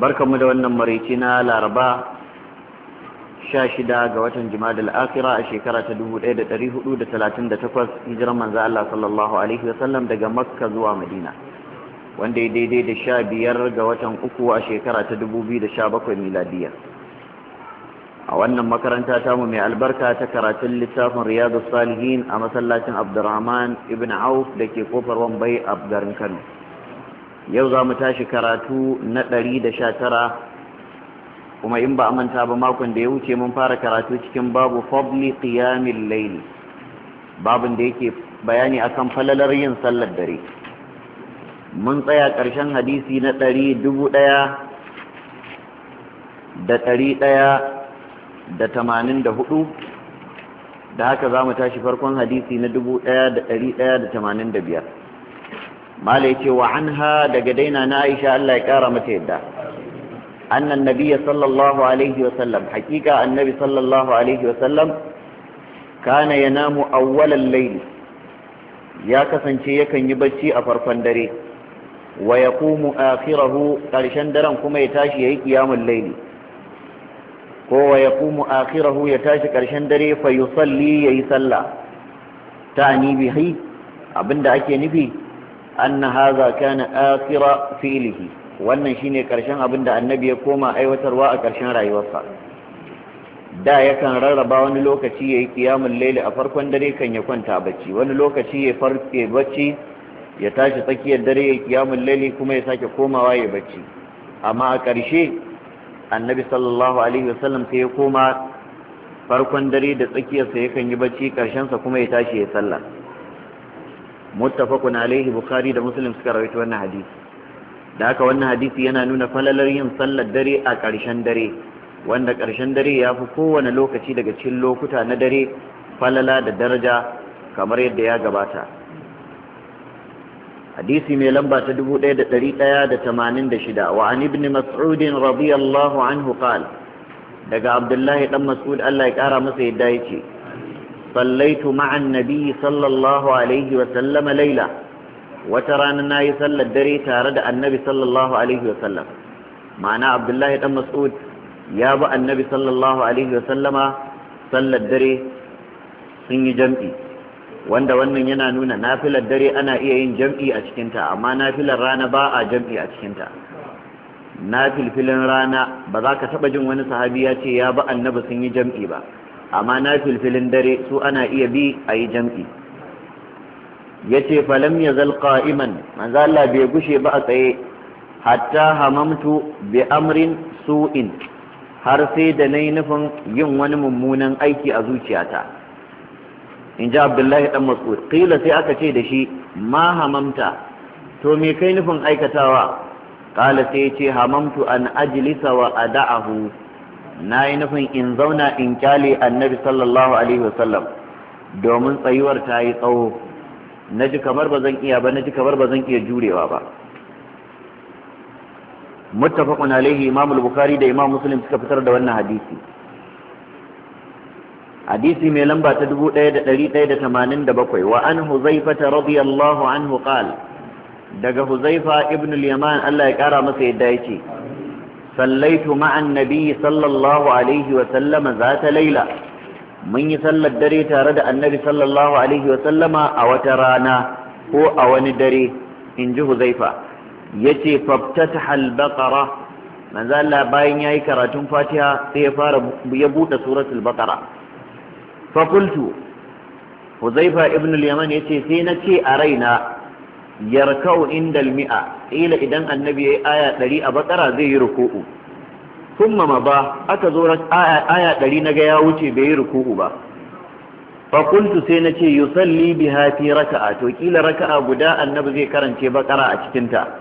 barkanmu da wannan maraice na laraba 16 ga watan jimadal akira a shekara ta 1438 hijirar manzo Allah sallallahu alaihi wasallam daga makka zuwa madina wanda ya daidai da sha biyar ga watan uku a shekara ta 2017 miladiya a wannan makaranta tamu mai albarka ta karatun littafin riyadu salihin a masallacin abdurrahman ibn auf da ke kofar wambai a garin kano yau za mu tashi karatu na ɗari da sha tara kuma in ba manta ba makon da ya wuce mun fara karatu cikin babu fobli qiyamil layl babin da yake bayani akan falalar yin sallar dare mun tsaya ƙarshen hadisi na ɗari dubu ɗaya da ɗari ɗaya da tamanin da hudu da haka za mu tashi farkon hadisi na dubu ɗaya da ɗari ɗaya da tamanin da biyar malai ce wa ha daga daina na aisha Allah ya kara mata yadda annan nabiyya sallallahu alaihi wa sallam hakika annabi sallallahu alaihi wa sallam kana namu awwalal layl ya kasance yakan yi bacci a farkon dare wa ya yaqumu akhirahu ƙarshen daren kuma ya tashi ya yi ƙiyamun layli ko wa ya yaqumu akhirahu ya tashi ƙarshen dare fa salli ya yi sallah ta ni bihi abinda ake nufi أن هذا كان آخر فعله wannan shine karshen abin da annabi ya koma aiwatarwa a karshen rayuwarsa da yakan rarraba wani lokaci yayi kiyamul laili a farkon dare kan ya kwanta bacci wani lokaci ya farke bacci ya tashi tsakiyar dare yayi kiyamul laili kuma ya sake komawa ya bacci amma a karshe annabi sallallahu alaihi wasallam sai ya koma farkon dare da tsakiyarsa yakan yi bacci karshen sa kuma ya tashi ya sallah muttafaqun alayhi bukhari da muslim suka rawaito wannan hadisi da haka wannan hadisi yana nuna falalar yin sallar dare a ƙarshen dare wanda ƙarshen dare ya fi kowane lokaci daga cikin lokuta na dare falala da daraja kamar yadda ya gabata hadisi mai lamba ta 1186 wa an ibn mas'ud radiyallahu anhu qala daga abdullahi dan mas'ud Allah ya kara masa yadda yake صليت مع النبي صلى الله عليه وسلم ليلة وترانا ناي صلى الدري تارد النبي صلى الله عليه وسلم معنى عبد الله بن مسعود يا با النبي صلى الله عليه وسلم صلى الدري sun yi jam'i wanda wannan yana nuna nafilar dare ana iya yin jam'i a cikinta amma nafilar rana ba a jam'i a cikinta nafilfilin rana ba za ka taɓa jin wani sahabi ya ce ya ba annabi sun yi jam'i ba amma na filfilin dare su ana iya bi a yi jam'i ya ce falam ya zal Iman, manzo Allah bai gushe ba a tsaye hatta hamamtu bi amrin su'in har sai da nayi nufin yin wani mummunan aiki a zuciyata in ji abdullahi ɗan mas'ud ƙila, sai aka ce da shi ma hamamta to me kai nufin aikatawa ƙala sai ce hamamtu an ajilisawa wa da'ahu. na yi nufin in zauna in kyale annabi sallallahu alaihi wasallam domin tsayuwar ta yi tsawo na ji kamar ba zan iya ba na ji kamar ba zan iya jurewa ba muttafaqun alaihi imam al-bukhari da imam muslim suka fitar da wannan hadisi hadisi mai lamba ta 1187 wa an huzaifa radiyallahu anhu qala daga huzaifa ibn al-yaman Allah ya kara masa yadda yake صليت مع النبي صلى الله عليه وسلم ذات ليلة من يصلى الدري تارد النبي صلى الله عليه وسلم أو ترانا هو أو ندري إنجه زيفا يتي فابتتح البقرة من ذا الله باين ياي كراتون فاتحة سيفار يبوت سورة البقرة فقلت حذيفة ابن اليمن يتي سينتي أرينا yarkau inda mi'a ila idan annabi yayi aya 100 a bakara zai yi ruku'u kuma ma ba aka zo aya aya 100 naga ya wuce bai yi ruku'u ba fa kuntu sai nace yusalli biha fi raka'a to kila raka'a guda annabi zai karance bakara a cikin ta